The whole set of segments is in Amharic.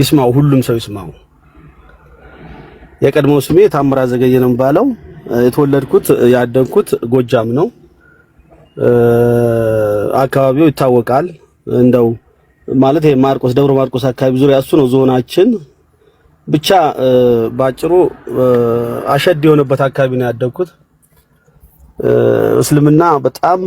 ይስማው፣ ሁሉም ሰው ይስማው። የቀድሞው ስሜ ታምራ ዘገየ ነው የሚባለው። የተወለድኩት ያደግኩት ጎጃም ነው። አካባቢው ይታወቃል። እንደው ማለት ይሄ ማርቆስ ደብረ ማርቆስ አካባቢ ዙሪያ እሱ ነው ዞናችን። ብቻ ባጭሩ አሸድ የሆነበት አካባቢ ነው ያደግኩት። እስልምና በጣም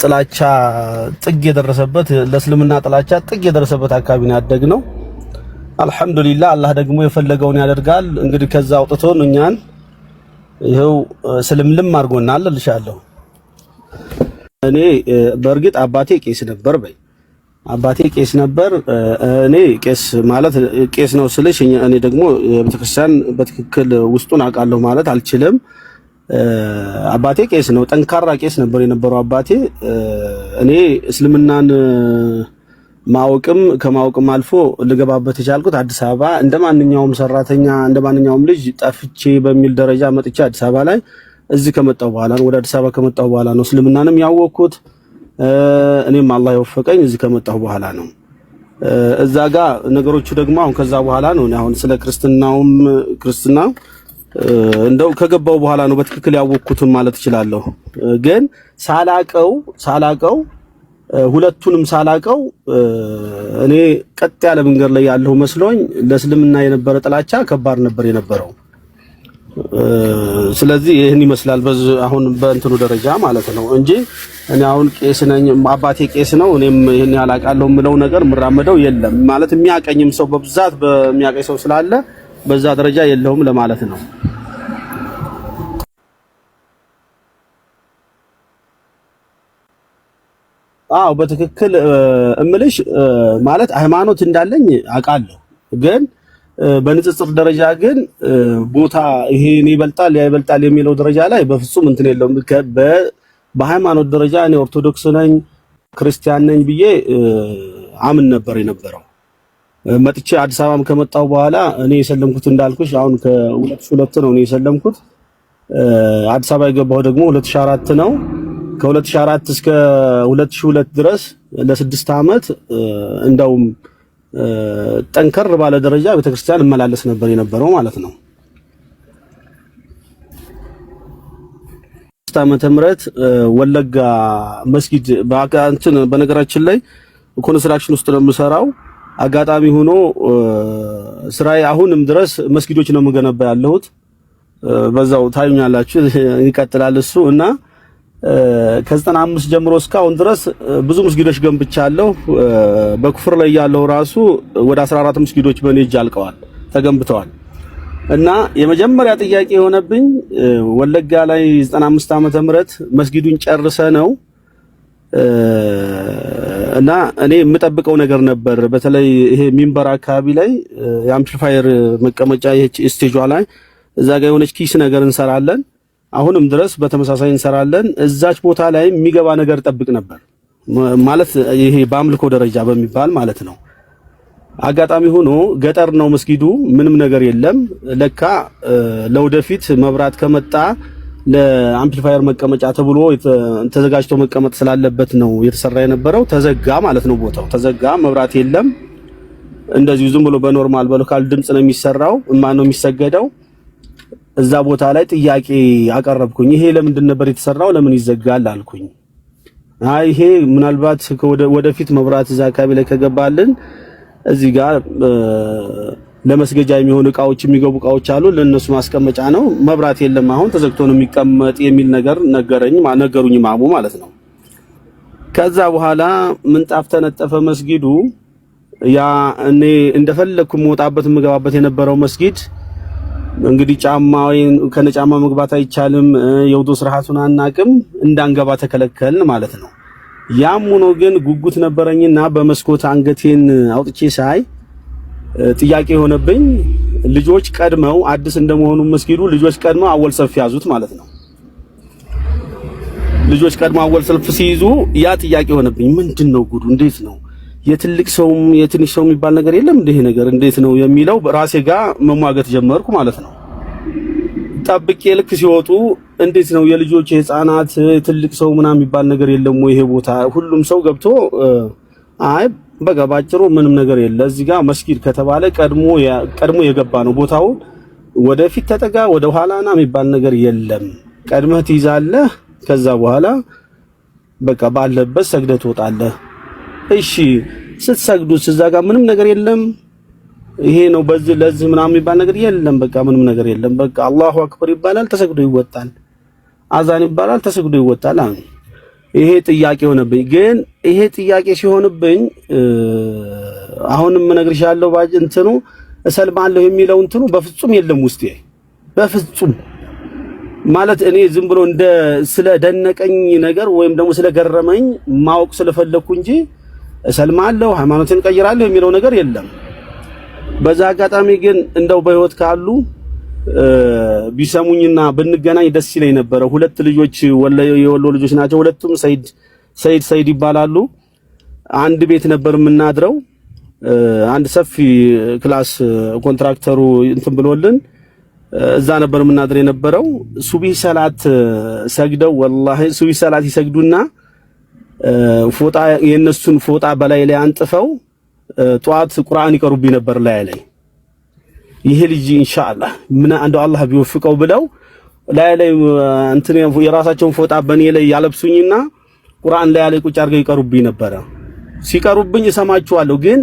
ጥላቻ ጥግ የደረሰበት ለእስልምና ጥላቻ ጥግ የደረሰበት አካባቢ ነው ነው። አልሐምዱሊላህ አላህ ደግሞ የፈለገውን ያደርጋል። እንግዲህ ከዛ አውጥቶን እኛን ይኸው ስልምልም አድርጎናል እልሻለሁ። እኔ በእርግጥ አባቴ ቄስ ነበር በይ አባቴ ቄስ ነበር። እኔ ቄስ ማለት ቄስ ነው ስልሽ እኔ ደግሞ ቤተክርስቲያን በትክክል ውስጡን አውቃለሁ ማለት አልችልም። አባቴ ቄስ ነው። ጠንካራ ቄስ ነበር የነበረው አባቴ። እኔ እስልምናን ማወቅም ከማወቅም አልፎ ልገባበት የቻልኩት አዲስ አበባ እንደ ማንኛውም ሰራተኛ እንደ ማንኛውም ልጅ ጠፍቼ በሚል ደረጃ መጥቼ አዲስ አበባ ላይ እዚህ ከመጣሁ በኋላ ነው። ወደ አዲስ አበባ ከመጣሁ በኋላ ነው እስልምናንም ያወቅኩት። እኔም አላህ የወፈቀኝ እዚህ ከመጣሁ በኋላ ነው። እዛ ጋር ነገሮቹ ደግሞ አሁን ከዛ በኋላ ነው አሁን ስለ ክርስትናውም ክርስትና እንደው ከገባው በኋላ ነው በትክክል ያወቅኩትም ማለት እችላለሁ። ግን ሳላቀው ሳላቀው ሁለቱንም ሳላቀው እኔ ቀጥ ያለ መንገድ ላይ ያለሁ መስሎኝ ለእስልምና የነበረ ጥላቻ ከባድ ነበር የነበረው። ስለዚህ ይህን ይመስላል አሁን በእንትኑ ደረጃ ማለት ነው እንጂ እኔ አሁን ቄስ ነኝ፣ አባቴ ቄስ ነው፣ እኔም ይህን ያላቃለሁ የምለው ነገር የምራመደው የለም ማለት የሚያቀኝም ሰው በብዛት በሚያቀኝ ሰው ስላለ በዛ ደረጃ የለውም ለማለት ነው። አዎ በትክክል እምልሽ ማለት ሃይማኖት እንዳለኝ አውቃለሁ። ግን በንጽጽር ደረጃ ግን ቦታ ይሄን ይበልጣል ያ ይበልጣል የሚለው ደረጃ ላይ በፍጹም እንትን የለውም። በሃይማኖት ደረጃ እኔ ኦርቶዶክስ ነኝ ክርስቲያን ነኝ ብዬ አምን ነበር የነበረው መጥቼ አዲስ አበባም ከመጣው በኋላ እኔ የሰለምኩት እንዳልኩሽ አሁን ከ2002 ነው እኔ የሰለምኩት። አዲስ አበባ የገባሁ ደግሞ 2004 ነው። ከ2004 እስከ 2002 ድረስ ለስድስት ዓመት እንደውም ጠንከር ባለ ደረጃ ቤተክርስቲያን እመላለስ ነበር የነበረው ማለት ነው። ዓመተ ምህረት ወለጋ መስጊድ በአጋንትን በነገራችን ላይ ኮንስትራክሽን ውስጥ ነው የምሰራው አጋጣሚ ሆኖ ስራዬ አሁንም ድረስ መስጊዶች ነው የምገነባ ያለሁት። በዛው ታዩኛላችሁ፣ ይቀጥላል እሱ እና ከዘጠና አምስት ጀምሮ እስካሁን ድረስ ብዙ መስጊዶች ገንብቻለሁ። በኩፍር ላይ ያለው ራሱ ወደ 14 መስጊዶች በኔ እጅ አልቀዋል፣ ተገንብተዋል። እና የመጀመሪያ ጥያቄ የሆነብኝ ወለጋ ላይ 95 ዓመተ ምህረት መስጊዱን ጨርሰ ነው እና እኔ የምጠብቀው ነገር ነበር። በተለይ ይሄ ሚንበር አካባቢ ላይ የአምፕሊፋየር መቀመጫ ስቴጇ ላይ እዛ ጋር የሆነች ኪስ ነገር እንሰራለን። አሁንም ድረስ በተመሳሳይ እንሰራለን። እዛች ቦታ ላይ የሚገባ ነገር ጠብቅ ነበር ማለት ይሄ በአምልኮ ደረጃ በሚባል ማለት ነው። አጋጣሚ ሆኖ ገጠር ነው መስጊዱ፣ ምንም ነገር የለም። ለካ ለወደፊት መብራት ከመጣ ለአምፕሊፋየር መቀመጫ ተብሎ ተዘጋጅቶ መቀመጥ ስላለበት ነው የተሰራ የነበረው። ተዘጋ ማለት ነው፣ ቦታው ተዘጋ፣ መብራት የለም። እንደዚሁ ዝም ብሎ በኖርማል በሎካል ድምፅ ነው የሚሰራው፣ እማ ነው የሚሰገደው። እዛ ቦታ ላይ ጥያቄ አቀረብኩኝ። ይሄ ለምንድን ነበር የተሰራው? ለምን ይዘጋል አልኩኝ። አይ ይሄ ምናልባት ወደፊት መብራት እዛ አካባቢ ላይ ከገባልን እዚህ ጋር ለመስገጃ የሚሆኑ እቃዎች የሚገቡ እቃዎች አሉ። ለነሱ ማስቀመጫ ነው። መብራት የለም አሁን ተዘግቶ ነው የሚቀመጥ የሚል ነገር ነገረኝ ነገሩኝ ማሙ ማለት ነው። ከዛ በኋላ ምንጣፍ ተነጠፈ መስጊዱ። ያ እኔ እንደፈለኩ የምወጣበት የምገባበት የነበረው መስጊድ እንግዲህ ጫማ ከነጫማ መግባት አይቻልም። የውዱ ስርዓቱን አናቅም እንዳንገባ ተከለከልን ማለት ነው። ያም ሆኖ ግን ጉጉት ነበረኝና በመስኮት አንገቴን አውጥቼ ሳይ ጥያቄ የሆነብኝ ልጆች ቀድመው አዲስ እንደመሆኑ መስጊዱ ልጆች ቀድመው አወል ሰልፍ ያዙት ማለት ነው። ልጆች ቀድመው አወል ሰልፍ ሲይዙ ያ ጥያቄ የሆነብኝ ምንድን ነው ጉዱ? እንዴት ነው የትልቅ ሰውም የትንሽ ሰው የሚባል ነገር የለም እንዴ? ነገር እንዴት ነው የሚለው ራሴ ጋር መሟገት ጀመርኩ ማለት ነው። ጠብቄ ልክ ሲወጡ እንዴት ነው የልጆች የህፃናት ትልቅ ሰው ምናምን የሚባል ነገር የለም ወይ? ይሄ ቦታ ሁሉም ሰው ገብቶ አይ በቃ ባጭሩ ምንም ነገር የለ። እዚህ ጋር መስጊድ ከተባለ ቀድሞ ቀድሞ የገባ ነው ቦታውን። ወደፊት ተጠጋ ወደ ኋላና የሚባል ነገር የለም። ቀድመህ ትይዛለህ። ከዛ በኋላ በቃ ባለበት ሰግደህ ትወጣለህ። እሺ ስትሰግዱት እዛ ጋር ምንም ነገር የለም። ይሄ ነው በዚህ ለዚህ ምናምን የሚባል ነገር የለም። በቃ ምንም ነገር የለም። በቃ አላሁ አክበር ይባላል፣ ተሰግዶ ይወጣል። አዛን ይባላል፣ ተሰግዶ ይወጣል። ይሄ ጥያቄ ሆነብኝ። ግን ይሄ ጥያቄ ሲሆንብኝ አሁንም እነግርሻለሁ ባጅ እንትኑ እሰልማለሁ የሚለው እንትኑ በፍጹም የለም ውስጤ በፍጹም ማለት እኔ ዝም ብሎ እንደ ስለደነቀኝ ነገር ወይም ደግሞ ስለገረመኝ ማወቅ ስለፈለኩ እንጂ እሰልማለሁ፣ ሃይማኖትን ቀይራለሁ የሚለው ነገር የለም። በዛ አጋጣሚ ግን እንደው በህይወት ካሉ ቢሰሙኝና ብንገናኝ ደስ ይለኝ ነበረ። ሁለት ልጆች የወሎ ልጆች ናቸው። ሁለቱም ሰይድ ሰይድ ሰይድ ይባላሉ። አንድ ቤት ነበር የምናድረው። አንድ ሰፊ ክላስ ኮንትራክተሩ እንትን ብሎልን እዛ ነበር የምናድር የነበረው። ሱቢ ሰላት ሰግደው ወላሂ ሱቢ ሰላት ይሰግዱና ፎጣ የነሱን ፎጣ በላይ ላይ አንጥፈው ጠዋት ቁርአን ይቀሩብኝ ነበር ላይ ላይ ይሄ ልጅ ኢንሻአላህ ምን አንዱ አላህ ቢወፍቀው ብለው ላይ ላይ እንትን የራሳቸውን ፎጣ በኔ ላይ ያለብሱኝና ቁርአን ላይ ያለ ቁጭ አድርገው ይቀሩብኝ ነበረ። ሲቀሩብኝ እሰማችኋለሁ፣ ግን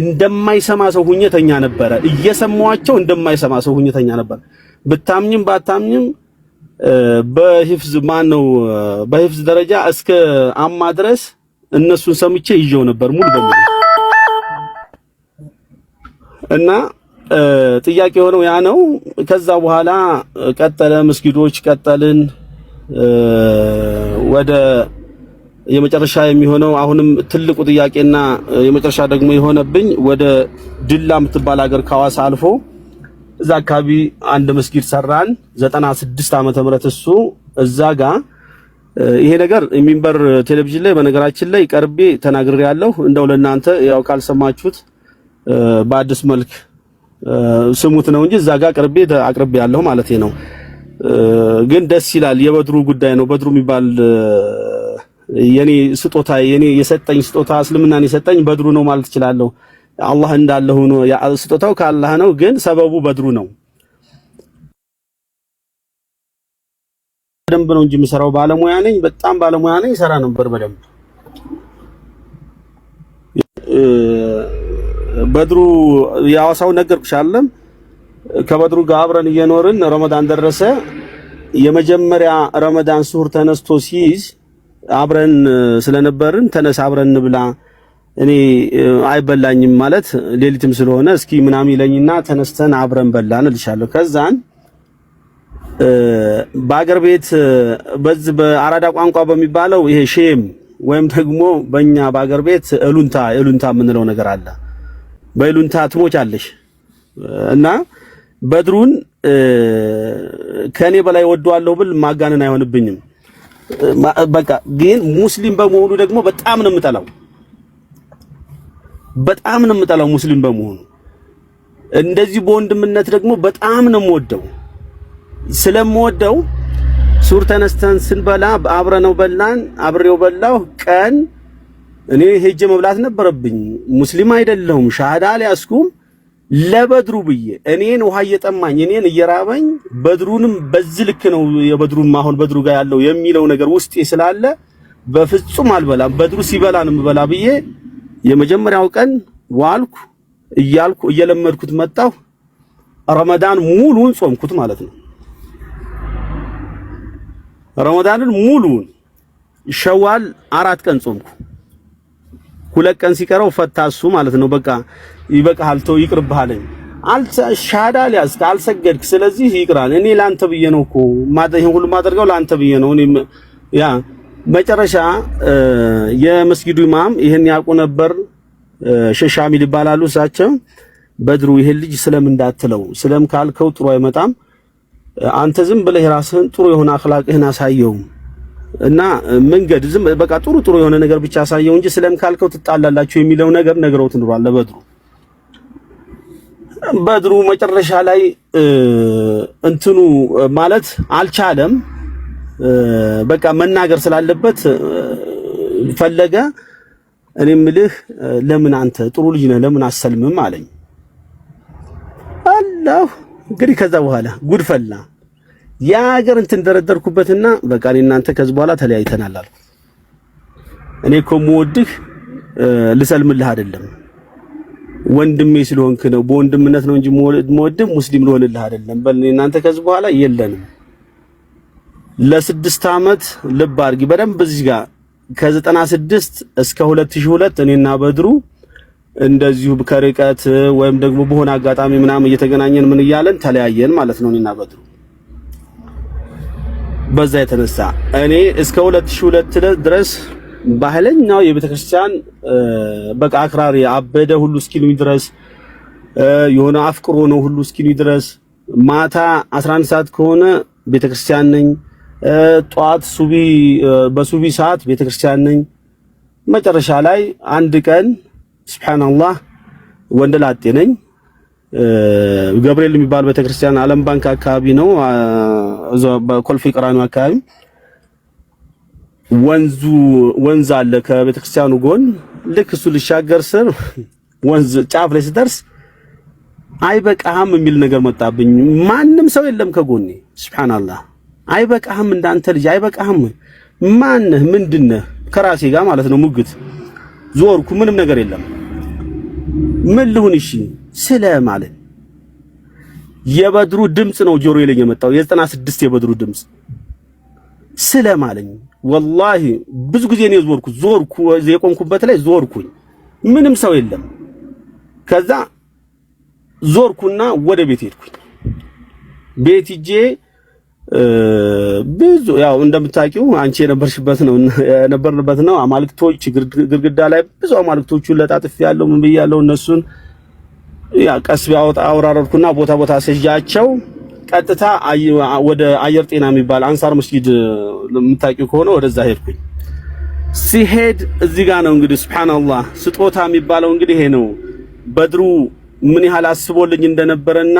እንደማይሰማ ሰው ሁኜ ተኛ ነበረ። እየሰማዋቸው እንደማይሰማ ሰው ሁኜ ተኛ ነበረ። ብታምኝም ባታምኝም በሂፍዝ ማን ነው በሂፍዝ ደረጃ እስከ አማ ድረስ እነሱን ሰምቼ ይዤው ነበር ሙሉ በሙሉ እና ጥያቄ የሆነው ያ ነው። ከዛ በኋላ ቀጠለ መስጊዶች ቀጠልን ወደ የመጨረሻ የሚሆነው አሁንም ትልቁ ጥያቄና የመጨረሻ ደግሞ የሆነብኝ ወደ ድላ የምትባል ሀገር ከሐዋሳ አልፎ እዛ አካባቢ አንድ መስጊድ ሰራን። 96 ዓመተ ምህረት እሱ እዛ ጋ ይሄ ነገር የሚንበር ቴሌቪዥን ላይ በነገራችን ላይ ቀርቤ ተናግሬ ያለሁ እንደው ለእናንተ ያው ካልሰማችሁት በአዲስ መልክ ስሙት ነው እንጂ እዛ ጋር አቅርቤ አቅርቤ ያለሁ ማለት ነው። ግን ደስ ይላል። የበድሩ ጉዳይ ነው። በድሩ የሚባል የኔ ስጦታ የኔ የሰጠኝ ስጦታ እስልምናን የሰጠኝ በድሩ ነው ማለት እችላለሁ። አላህ እንዳለ ሆኖ ስጦታው ከአላህ ነው፣ ግን ሰበቡ በድሩ ነው። በደንብ ነው እንጂ የምሰራው ባለሙያ ነኝ። በጣም ባለሙያ ነኝ። ሰራ ነበር በደንብ በድሩ የሐዋሳው ነገርኩሽ ከበድሩ ጋር አብረን እየኖርን ረመዳን ደረሰ። የመጀመሪያ ረመዳን ሱር ተነስቶ ሲይዝ አብረን ስለነበርን ተነስ አብረን እንብላ እኔ አይበላኝም ማለት ሌሊትም ስለሆነ እስኪ ምናምን ይለኝና ተነስተን አብረን በላን እልሻለሁ። ከዛን በአገር ቤት በዚህ በአራዳ ቋንቋ በሚባለው ይሄ ሼም ወይም ደግሞ በእኛ በአገር ቤት እሉንታ እሉንታ የምንለው ነገር አለ። በይሉንታ ትሞቻለሽ እና በድሩን ከኔ በላይ ወደዋለሁ ብል ማጋነን አይሆንብኝም። በቃ ግን ሙስሊም በመሆኑ ደግሞ በጣም ነው የምጠላው፣ በጣም ነው የምጠላው ሙስሊም በመሆኑ። እንደዚህ በወንድምነት ደግሞ በጣም ነው የምወደው። ስለምወደው ሱር ተነስተን ስንበላ አብረነው በላን፣ አብሬው በላሁ ቀን እኔ ሄጀ መብላት ነበረብኝ። ሙስሊም አይደለሁም፣ ሻሃዳ አልያዝኩም። ለበድሩ ብዬ እኔን ውሃ እየጠማኝ እኔን እየራበኝ በድሩንም በዚህ ልክ ነው የበድሩም አሁን በድሩ ጋር ያለው የሚለው ነገር ውስጤ ስላለ በፍጹም አልበላም። በድሩ ሲበላን ምበላ ብዬ የመጀመሪያው ቀን ዋልኩ እያልኩ እየለመድኩት መጣሁ። ረመዳን ሙሉን ጾምኩት ማለት ነው። ረመዳንን ሙሉን ሸዋል አራት ቀን ጾምኩ። ሁለት ቀን ሲቀረው ፈታሱ ማለት ነው። በቃ ይበቃሃል፣ ተው ይቅርብሃለኝ ሻዳ ሊያዝክ አልሰገድክ፣ ስለዚህ ይቅራል። እኔ ላንተ ብዬ ነው እኮ ይህን ሁሉ ማደርገው ላንተ ብዬ ነው። እኔ ያ መጨረሻ የመስጊዱ ኢማም ይሄን ያውቁ ነበር። ሸሻሚል ይባላሉ እሳቸው። በድሩ ይሄን ልጅ ስለም እንዳትለው፣ ስለም ካልከው ጥሩ አይመጣም። አንተ ዝም ብለህ ራስህን ጥሩ የሆነ አኽላቅህን አሳየው እና መንገድ ዝም በቃ ጥሩ ጥሩ የሆነ ነገር ብቻ አሳየው እንጂ ስለም ካልከው ትጣላላችሁ የሚለው ነገር ነግረውት ኑሯል ለበድሩ። በድሩ መጨረሻ ላይ እንትኑ ማለት አልቻለም። በቃ መናገር ስላለበት ፈለገ። እኔ ምልህ ለምን አንተ ጥሩ ልጅ ነህ ለምን አሰልምም አለኝ አላሁ እንግዲህ ከዛ በኋላ ጉድ ፈላ። ያ ሀገር እንትን ደረደርኩበትና በቃ እኔ እናንተ ከዚህ በኋላ ተለያይተናል አልኩ። እኔ እኮ የምወድህ ልሰልምልህ አይደለም ወንድሜ ስለሆንክ ነው። በወንድምነት ነው እንጂ የምወድህ ሙስሊም ልሆንልህ አይደለም። በል እኔ እናንተ ከዚህ በኋላ የለንም። ለስድስት ዓመት ልብ አድርጊ በደንብ እዚህ ጋር ከ96 እስከ 2002 እኔና በድሩ እንደዚሁ ከርቀት ወይም ደግሞ በሆነ አጋጣሚ ምናምን እየተገናኘን ምን እያለን ተለያየን ማለት ነው እኔና በድሩ በዛ የተነሳ እኔ እስከ 2002 ድረስ ባህለኛው የቤተክርስቲያን በቃ አክራሪ አበደ ሁሉ እስኪሉኝ ድረስ የሆነ አፍቅሮ ነው ሁሉ እስኪሉኝ ድረስ ማታ 11 ሰዓት ከሆነ ቤተክርስቲያን ነኝ። ጧት ሱቢ በሱቢ ሰዓት ቤተክርስቲያን ነኝ። መጨረሻ ላይ አንድ ቀን ሱብሃንአላህ ወንደላጤ ነኝ። ገብርኤል የሚባል ቤተክርስቲያን ዓለም ባንክ አካባቢ ነው። እዛው በኮልፌ ቀራኒዮ አካባቢ ወንዙ ወንዝ አለ ከቤተክርስቲያኑ ጎን። ልክ እሱ ልሻገር ስር ወንዝ ጫፍ ላይ ስደርስ አይበቃህም የሚል ነገር መጣብኝ። ማንም ሰው የለም ከጎኔ። ሱብሃንአላህ አይበቃህም፣ እንዳንተ ልጅ አይበቃህም፣ ማነህ ምንድነህ? ከራሴ ጋር ማለት ነው ሙግት ዞርኩ። ምንም ነገር የለም። ምን ልሁን? እሺ ስለ ማለት የበድሩ ድምፅ ነው ጆሮ ይለኝ የመጣው የዘጠና ስድስት የበድሩ ድምፅ ስለ ማለኝ ወላሂ ብዙ ጊዜ ነው ዞርኩ ዞርኩ የቆምኩበት ላይ ዞርኩኝ ምንም ሰው የለም ከዛ ዞርኩና ወደ ቤት ሄድኩኝ ቤት ሂጄ ብዙ ያው እንደምታውቂው አንቺ የነበርሽበት ነው የነበርንበት ነው አማልክቶች ግርግዳ ላይ ብዙ አማልክቶቹን ለጣጥፍ ያለው ምን ብያለው እነሱን ያ ቀስ ቢያወጣ ቦታ ቦታ አስይዣቸው ቀጥታ ወደ አየር ጤና የሚባል አንሳር መስጊድ የምታውቂው ከሆነ ወደዛ ሄድኩኝ። ሲሄድ እዚህ ጋር ነው እንግዲህ ሱብሃንአላህ ስጦታ የሚባለው እንግዲህ ይሄ ነው። በድሩ ምን ያህል አስቦልኝ እንደነበረና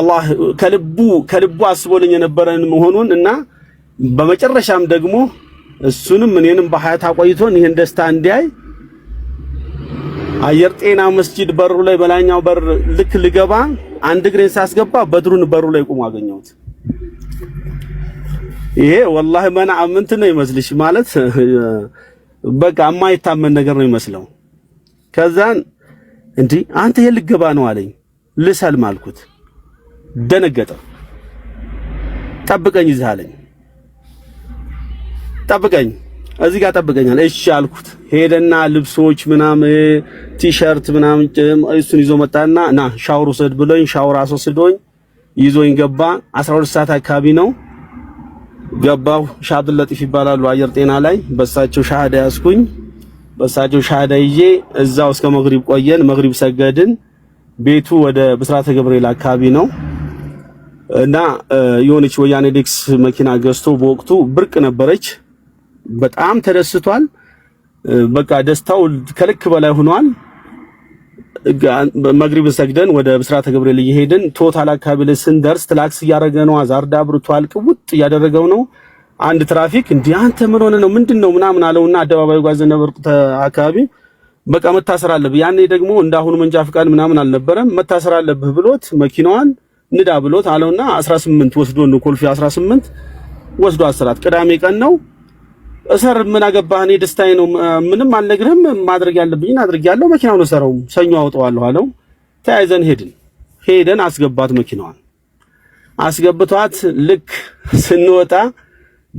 አላህ ከልቡ ከልቡ አስቦልኝ የነበረን መሆኑን እና በመጨረሻም ደግሞ እሱንም እኔንም በሀያት አቆይቶን ይሄን ደስታ እንዲያይ አየር ጤና መስጂድ በሩ ላይ በላይኛው በር ልክ ልገባ አንድ እግሬን ሳስገባ በድሩን በሩ ላይ ቆሞ አገኘሁት። ይሄ ወላሂ መና እንትን ነው ይመስልሽ ማለት በቃ የማይታመን ነገር ነው ይመስለው። ከዛን እንዲ አንተ ይሄ ልገባ ነው አለኝ። ልሰልም አልኩት። ደነገጠ። ጠብቀኝ ይዛለኝ ጠብቀኝ እዚህ ጋር ጠብቀኛል። እሺ አልኩት። ሄደና ልብሶች ምናምን ቲሸርት ምናምን እሱን ይዞ መጣና ና ሻወር ውሰድ ብሎኝ ሻወር አስወስዶኝ ይዞኝ ገባ። 12 ሰዓት አካባቢ ነው ገባሁ። ሻህ ለጢፍ ይባላሉ አየር ጤና ላይ በሳቸው ሻሃዳ ያስኩኝ። በሳቸው ሻሃዳ ይዤ እዛው እስከ መግሪብ ቆየን። መግሪብ ሰገድን። ቤቱ ወደ ብስራተ ገብርኤል አካባቢ ነው እና የሆነች ወያኔ ዴክስ መኪና ገዝቶ በወቅቱ ብርቅ ነበረች በጣም ተደስቷል። በቃ ደስታው ከልክ በላይ ሆኗል። መግሪብ ሰግደን ወደ ብስራተ ገብርኤል እየሄድን ቶታል አካባቢ ላይ ስንደርስ ትላክስ እያደረገ ነው። አዛርዳ አብርቷል። ቅውጥ እያደረገው ነው። አንድ ትራፊክ እንዲህ አንተ ምን ሆነ ነው ምንድን ነው ምናምን አለውና አደባባይ ጓዝ ነበር አካባቢ በቃ መታሰር አለብህ። ያኔ ደግሞ እንዳሁኑ መንጃ ፍቃድ ምናምን አልነበረም። መታሰር አለብህ ብሎት መኪናዋን ንዳ ብሎት አለውና 18 ወስዶ ነው ኮልፌ 18 ወስዶ አሰራት። ቅዳሜ ቀን ነው እሰር ምን አገባህ? እኔ ደስታዬ ነው። ምንም አልነግርህም። ማድረግ ያለብኝን አድርጌያለሁ። መኪናውን እሰረው፣ ሰኞ አውጠዋለሁ አለው። ተያይዘን ሄድን። ሄደን አስገባት፣ መኪናዋን አስገብቷት፣ ልክ ስንወጣ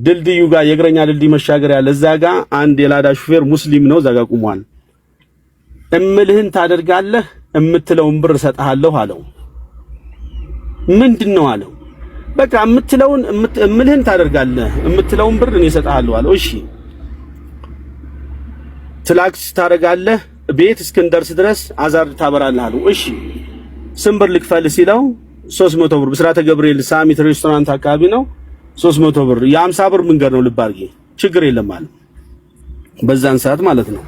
ድልድዩ ጋር የእግረኛ ድልድይ መሻገር ያለ እዛ ጋ አንድ የላዳ ሹፌር ሙስሊም ነው፣ እዛ ጋ ቁሟል። እምልህን ታደርጋለህ፣ እምትለውን ብር እሰጥሃለሁ አለው። ምንድን ነው አለው በቃ የምትለውን እምልህን ታደርጋለህ፣ የምትለውን ብር እኔ እሰጥሃለሁ አለው። እሺ ትላክስ ታደርጋለህ፣ ቤት እስክንደርስ ድረስ አዛር ታበራለህ አለው። እሺ ስንት ብር ልክፈል ሲለው 300 ብር ብስራተ ገብርኤል ሳሚት ሬስቶራንት አካባቢ ነው። 300 ብር የ50 ብር መንገድ ነው ልብ አድርጌ ችግር የለም አለ። በዛን ሰዓት ማለት ነው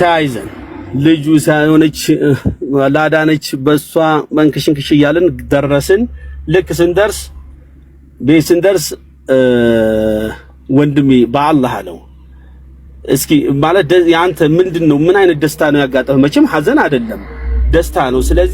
ተያይዘን ልጁ ሳይሆነች ላዳነች በሷ መንክሽንክሽ እያልን ደረስን። ልክ ስንደርስ ቤት ስንደርስ ወንድሜ በአላህ አለው እስኪ ማለት የአንተ ምንድን ነው? ምን አይነት ደስታ ነው ያጋጠመ? መቼም ሀዘን አይደለም፣ ደስታ ነው። ስለዚህ